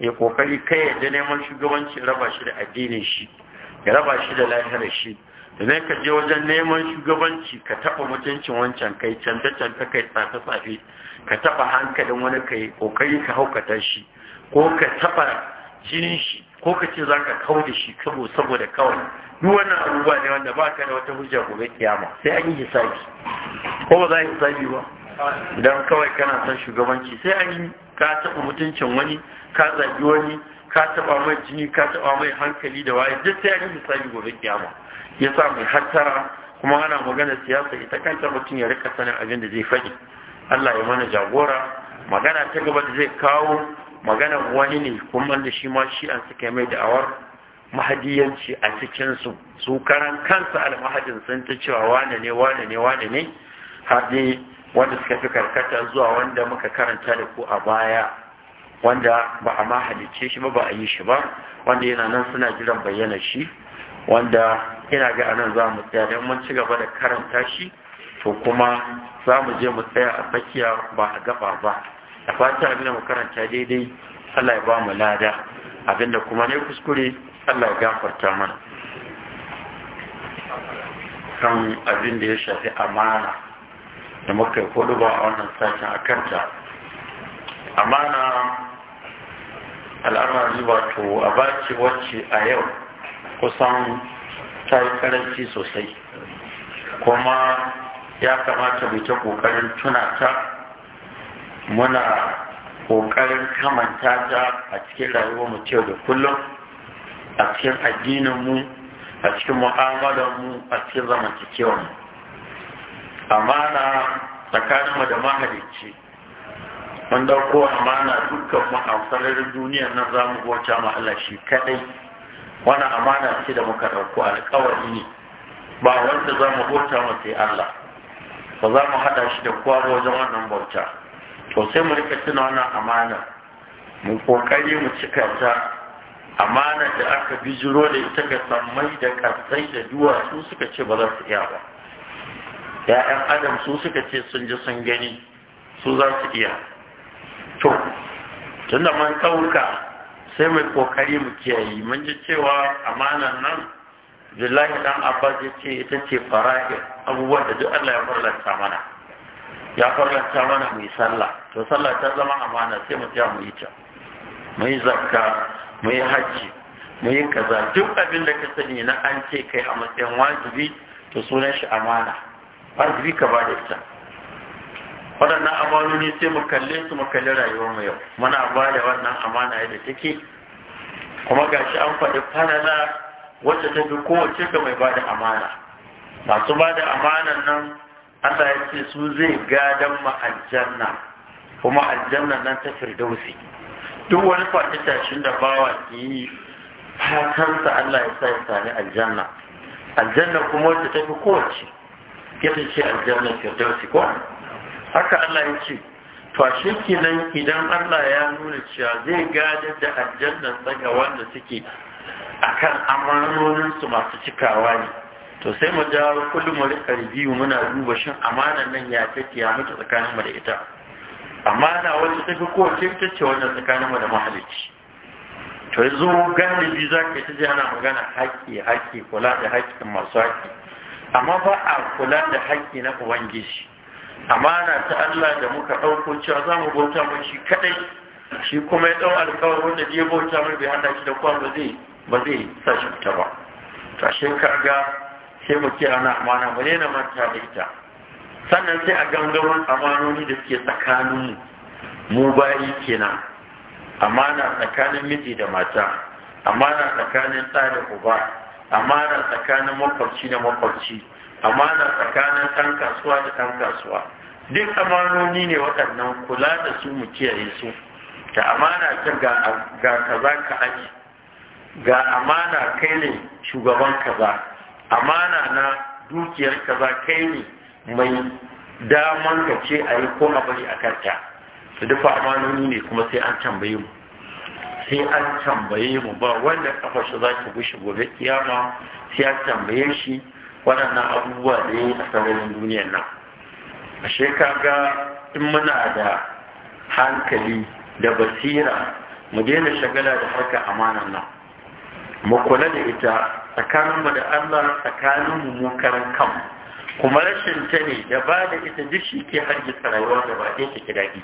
ya kokari kai ya neman shugabanci raba shi da addinin shi ya raba shi da lahirar shi Da ne ka je wajen neman shugabanci ka taɓa mutuncin wancan kai canza-canza kai tsafe safe ka taba hankalin wani kai kokari ka haukata shi ko ka taɓa jinin shi ko ka ce za ka kawo da shi kabo saboda kawai duk wannan abubuwa ne wanda ba ka da wata hujja gobe kiyama sai an yi hisabi ko ba za a yi hisabi ba Idan kawai kana son shugabanci sai an yi ka taɓa mutuncin wani ka zagi wani ka taɓa mai jini ka taɓa mai hankali da waye duk sai an yi misali gobe kiyama ya sa mai hattara kuma ana magana siyasa ita kanta mutum ya rika sanin abin da zai faɗi Allah ya mana jagora magana ta gaba da zai kawo magana wani ne kuma da shi ma shi an suka mai da'awar mahadiyanci a cikinsu su karan kansa almahadin sun ta cewa wane ne wane ne wane ne har dai wanda suka fi karkata zuwa wanda muka karanta da ku a baya wanda ba a mahalice shi ba ba a yi shi ba wanda yana nan suna jiran bayyana shi wanda ina ga anan za mu tsaya don mun ci gaba da karanta shi to kuma za mu je mu tsaya a tsakiya ba a gaba ba a fata abinda mu karanta daidai Allah ya ba mu lada abinda kuma ne kuskure Allah ya gafarta mana kan abin da ya shafi amana da muka yi kudu ba a wannan sashen a kanta amma amana al'amari wato a baki wacce a yau kusan ta yi karanci sosai kuma ya kamata mu ta kokarin tuna ta muna kokarin kamanta ta a cikin rayuwar mu ce da kullum a cikin addininmu a cikin mu'amalarmu a cikin zamantakewarmu amana tsakaninmu da mahalicci mun dauko amana dukkan mu a duniyar nan za mu bauta ma Allah shi kadai wani amana ce da muka dauko alƙawari ne ba wanda za mu bauta ma sai Allah ba za mu haɗa shi da kowa wajen wannan bauta to sai mu rika tuna wannan amana mu kokari mu cika ta amana da aka bijiro da ita ga sammai da kasai da duwatsu suka ce ba za su iya ba ya'yan adam su suka ce sun ji sun gani su za su iya to tunda mun ɗauka sai mai kokari mu kiyaye mun ji cewa amanan nan billahi dan abbas ya ce ita ce fara'i abubuwan da duk Allah ya farlanta mana ya farlanta mana mu yi sallah to sallah ta zama amana sai mu ja mu yi ta mu yi zakka mu yi hajji mu yi kaza duk abin da ka sani na an ce kai a matsayin wajibi to sunan shi amana wajibi ka ba ita waɗannan amanoni sai mu kalle su mu kalli rayuwar mu yau muna ba da wannan amana yadda take kuma gashi an faɗi falala wacce ta fi kowace ga mai ba da amana masu ba da amanan nan Allah ya ce su zai gadon mu aljanna kuma aljanna nan ta firdausi duk wani faɗi tashin da bawa ke yi fatansa Allah ya sa ya sami aljanna aljanna kuma wacce ta fi kowace ce aljannar firdausi ko haka Allah ya ce to shi kenan idan Allah ya nuna cewa zai gada da aljannar daga wanda suke akan amanoninsu masu cikawa ne to sai mu dawo kullum mu rika biyu muna duba shin amana nan ya tafi ya mutu tsakanin mu da ita amana wacce ta fi kowace ta ce wannan tsakanin mu da mahalicci to yanzu galibi za ka yi ta ana magana haƙƙi haƙƙi kula da haƙƙin masu haƙƙi amma ba a kula da haƙƙi na ubangiji amana ta Allah da muka ɗauko cewa za mu bauta mai shi kaɗai shi kuma ya ɗau alƙawar wanda zai bauta mai bai hada shi da kuwa ba zai ba zai sa shi fita ba ta shi kaga sai mu ce ana amana ba ne na manta da ita sannan sai a gangamin amanoni da suke tsakanin mu bayi kenan amana tsakanin miji da mata amana tsakanin ɗa da uba amana tsakanin makwabci da makwabci amana tsakanin ɗan kasuwa da ɗan kasuwa duk amanoni ne waɗannan kula da su mu kiyaye su ta amana ta ga kaza ka aji ga amana kai ne shugaban kaza amana na dukiyar kaza kai ne mai daman ka ce a yi ko a bari a karta su dufa amanoni ne kuma sai an tambaye mu sai an tambaye mu ba wanda kafa shi za ta gushe gobe kiyama sai an tambaye shi waɗannan abubuwa da a sararin duniyar nan ashe shekaga in muna da hankali da basira mu daina shagala da harka amanan nan mu kula da ita tsakaninmu da Allah tsakaninmu mu karan kanmu kuma rashin ta ne da ba da ita duk shi ke hargitsa rayuwa da ba ta ke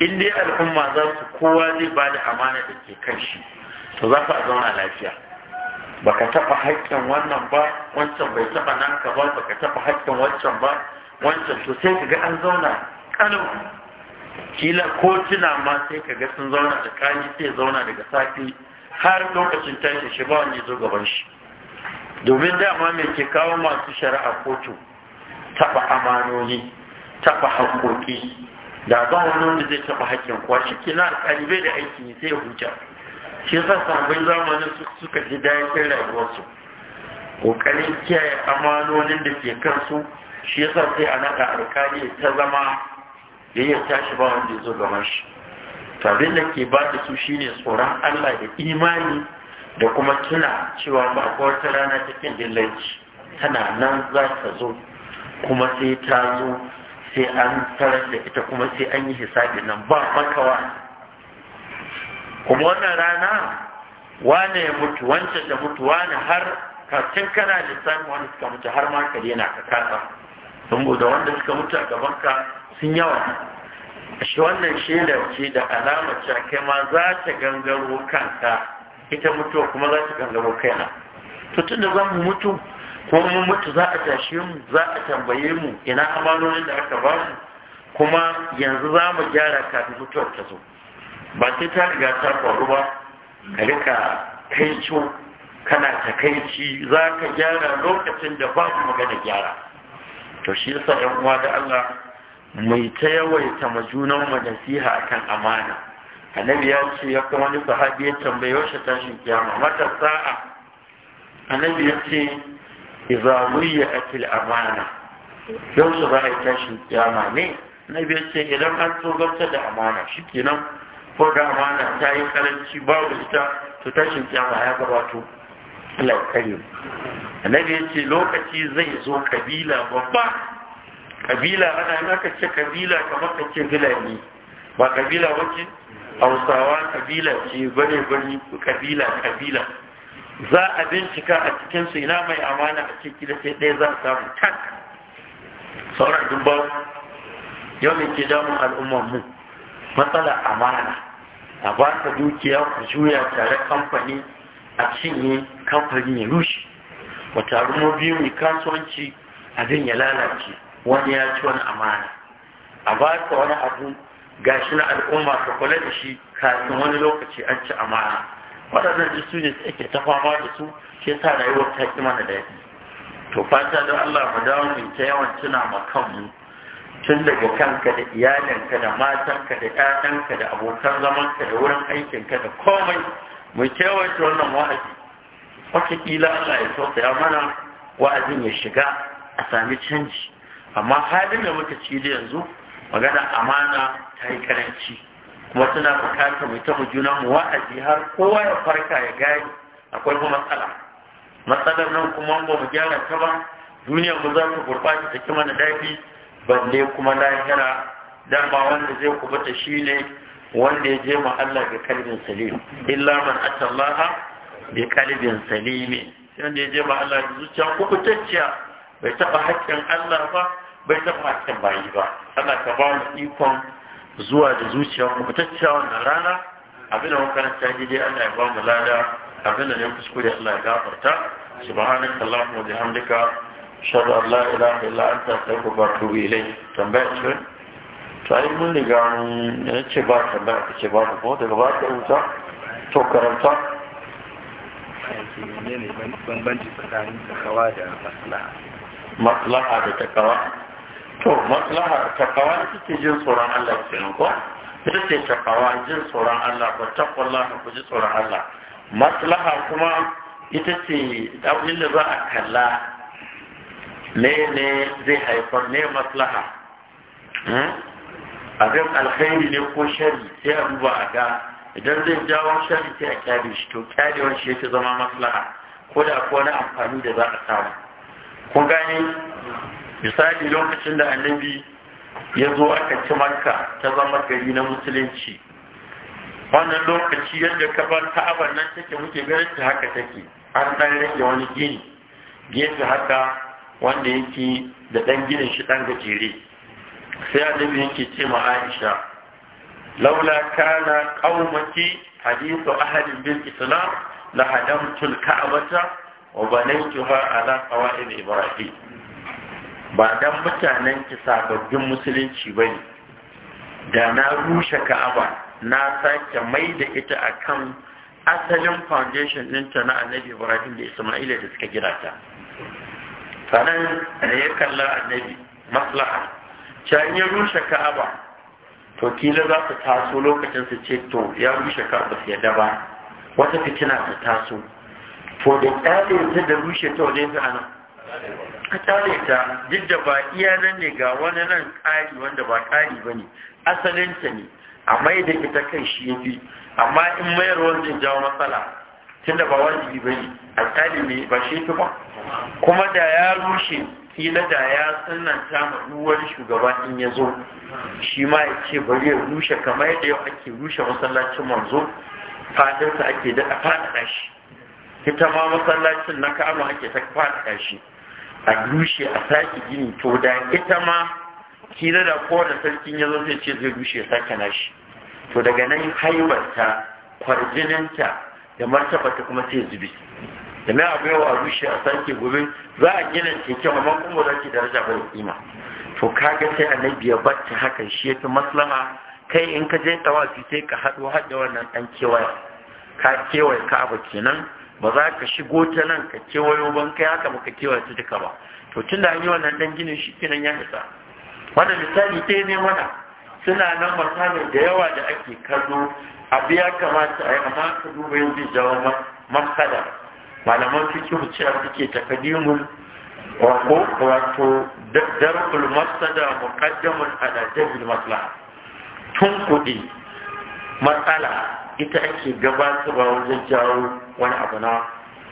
in dai al'umma za su kowa zai ba da amana da ke kan shi to za su a zauna lafiya baka taɓa haƙƙin wannan ba wancan bai taɓa nan ka ba baka taɓa haƙƙin wancan ba wancan to sai ka ga an zauna ƙalau kila kotuna ma sai ka ga sun zauna da kani sai zauna daga safi har lokacin tashi shi ba wani zo gaban shi domin dama mai ke kawo masu shari'a kotu taɓa amanoni taɓa haƙoƙi da ba wani wanda zai taɓa hakkin kuwa shi ke na alƙalibai da aiki sai ya huta shi sa sabbin zamanin suka ji daɗin rayuwarsu ƙoƙarin kiyaye amanonin da ke kansu shi ya sa sai a naɗa alƙali ta zama da ya tashi ba wanda ya zo gaban shi tabin da ke ba da su shine tsoron allah da imani da kuma tuna cewa ba a wata rana ta dillaci tana nan za ta zo kuma sai ta zo sai an tarar da ita kuma sai an yi hisabin nan ba makawa kuma wannan rana wane ya mutu wancan da mutu wane har kacin kana samun wani suka mutu har ma ka daina ka kasa da wanda suka mutu a gaban ka sun yawa shi wannan da ce da alama ce kai ma za ta gangaro kanka ita mutuwa kuma za ta gangaro kaina to da zan mutu ko mun mutu za a tashe mu za a tambaye mu ina amanonin da aka ba mu kuma yanzu za mu gyara kafin mutuwar ta zo ba sai ta riga ta faru ba ka rika kaico kana ta takaici za ka gyara lokacin da ba babu magana gyara to shi yasa yan uwa da Allah mai ta yawaita ma majunan mu nasiha akan amana annabi ya ce ya kuma ni sahabi ya tambaye wa tashin kiyama mata sa'a annabi ya ce idza wiyyatil amana yau su ba a tashin kiyama ne na ce idan an so gamsa da amana shi kenan ko da amana ta yi karanci babu ita to tashin kiyama ya gabato Allah kare ce lokaci zai zo kabila babba kabila ana in ce kabila kamar ka ce bilani ba kabila wace hausawa kabila ce bane bane kabila kabila za a bincika a cikinsu ina mai amana a ciki da sai ɗaya za a samu tak sauran dubban yau ne ke damun al'ummarmu matsala amana a ba ka dukiya ku juya tare kamfani a cinye kamfani ya rushe ba taru mu biyu mai kasuwanci abin ya lalace wani ya ci wani amana a ba ka wani abu gashi na al'umma ka kula da shi kafin wani lokaci an ci amana waɗannan su ne ake ta fama da su ke sa rayuwar ta ƙi mana daɗi to fata don Allah mu dawo mu ta yawan tuna ma kanmu tun daga kanka da iyalinka da matanka da ƴaƴanka da abokan zamanka da wurin aikinka da komai mu ta yawan ta wannan wa'azi wataƙila Allah ya ya mana wa'azin ya shiga a sami canji amma halin da muka ci da yanzu magana amana ta yi karanci kuma suna bukatar mu ta juna mu wa'azi har kowa ya farka ya gani akwai kuma matsala matsalar nan kuma ba mu gyara ta ba duniyar mu za ta gurɓata ta kima na dafi balle kuma lahira dan ba wanda zai kubuta shine wanda ya je ma Allah bi kalbin salim illa man atallaha bi kalbin salim wanda ya je ma Allah da zuciya kubutacciya bai taba haƙƙin Allah ba bai taba haƙƙin bayi ba Allah ka ba mu ikon zuwa da zuciya kuma a wannan rana abin da makaranta dai, Allah ya ba mu lada abin da ne kuskure Allah ya gafarta subhanaka allahumma wa bihamdika ashhadu an la ilaha illa anta astaghfiruka wa atubu ilayk tambaya ce to mun riga mun ce ba tambaya ta ce ba ko daga ba ta wuta to karanta ne ne bambanci tsakanin takawa da maslaha maslaha da takawa to maslahar takawa kike jin tsoron Allah kenan ko ita ce takawa jin tsoron Allah ko takwallaha ku ji tsoron Allah maslaha kuma ita ce abin da za a kalla ne ne zai haifar ne maslaha hmm? abin alkhairi ne ko shari sai a duba a ga idan zai jawo shari sai a kyale shi to kyalewar shi yake zama maslaha ko da ko wani amfani da za a samu kun gane misali lokacin da annabi ya zo aka ci makka ta zama gari na musulunci wannan lokaci yadda kabar abar nan take muke ganin ta haka take an ɗan rage wani gini gefe haka wanda yake da ɗan ginin shi ɗan gajere sai annabi yake ce ma aisha laula kana qaumaki hadithu ahadin bil islam la hadamtul ka'bata wa banaytuha ala qawaid ibrahim ba dan mutanen ki sababbin musulunci ba ne da na rushe ka'aba na sake mai da ita akan asalin foundation ɗinta na annabi ibrahim da Isma'il da suka gina ta sanan da ya kalla annabi maslaha can ya rushe ka'aba to kila za su taso lokacin su ce to ya rushe ka'aba su yadda ba wata fitina ta taso to da ƙyale ta da rushe ta wajen su ana ka tare ta duk da ba iya nan ne ga wani nan ƙari wanda ba ƙari ba ne asalinta ne a mai da ita kai shi ya fi amma in mayar zai jawo matsala tunda ba wajibi ba ne alƙali ne ba shi ba kuma da ya rushe kila da ya ta ma wani shugaba in ya zo shi ma ya ce bari ya rushe kamar yadda yau ake rushe masallacin manzo fadarsa ake daɗa faɗaɗa shi ita ma masallacin na kama ake ta faɗaɗa shi a rushe a sake gini to da ita ma kila da kowane sarkin ya zo sai ce zai rushe ya sake nashi to daga nan haibarta kwarjininta da ta kuma sai zubi da na abu yawa a rushe a sake gobe za a gina keke amma kuma za ki daraja bai kima to kaga sai annabi ya bacci haka shi ya fi maslaha kai in ka je tawafi sai ka haɗu har da wannan ɗan kewaya ka kewaye ka abu kenan ba za ka shigo ta nan ka kewayo ban kai haka maka ka ta duka ba to tun da yi wannan dan ginin shi kenan ya isa wanda misali ɗaya ne mana suna nan masana da yawa da ake kazo abu ya kamata a yi amma ka duba yin zai jawo mafsada malaman fikihu a suke takadimun wato wato darkul masada muqaddamun ala jabil maslaha tun kudi matsala ita ake gabatarwa wajen jawo wani abu na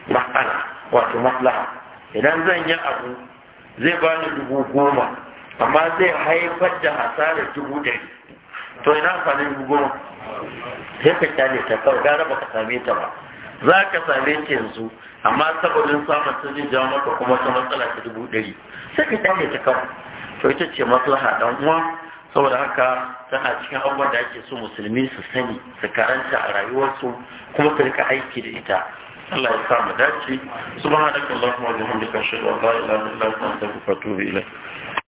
matsala wato maslaha idan zan yi abu zai ba ni dubu goma amma zai haifar da hasarar dubu ɗari to ina amfani dubu goma sai ka kyale ta kawai gara ba ka same ta ba za ka same ta yanzu amma saboda samun sun zai jama'a kuma ta matsala ta dubu ɗari sai ka kyale ta kawai to ita ce maslaha ɗan uwa saboda haka tana cikin abubuwan da ake so musulmi su sani su karanta a rayuwarsu kuma su rika aiki da ita Allah ya sa mu dace subhanakallahumma wa bihamdika ashhadu an la ilaha illa anta astaghfiruka wa atubu ilayk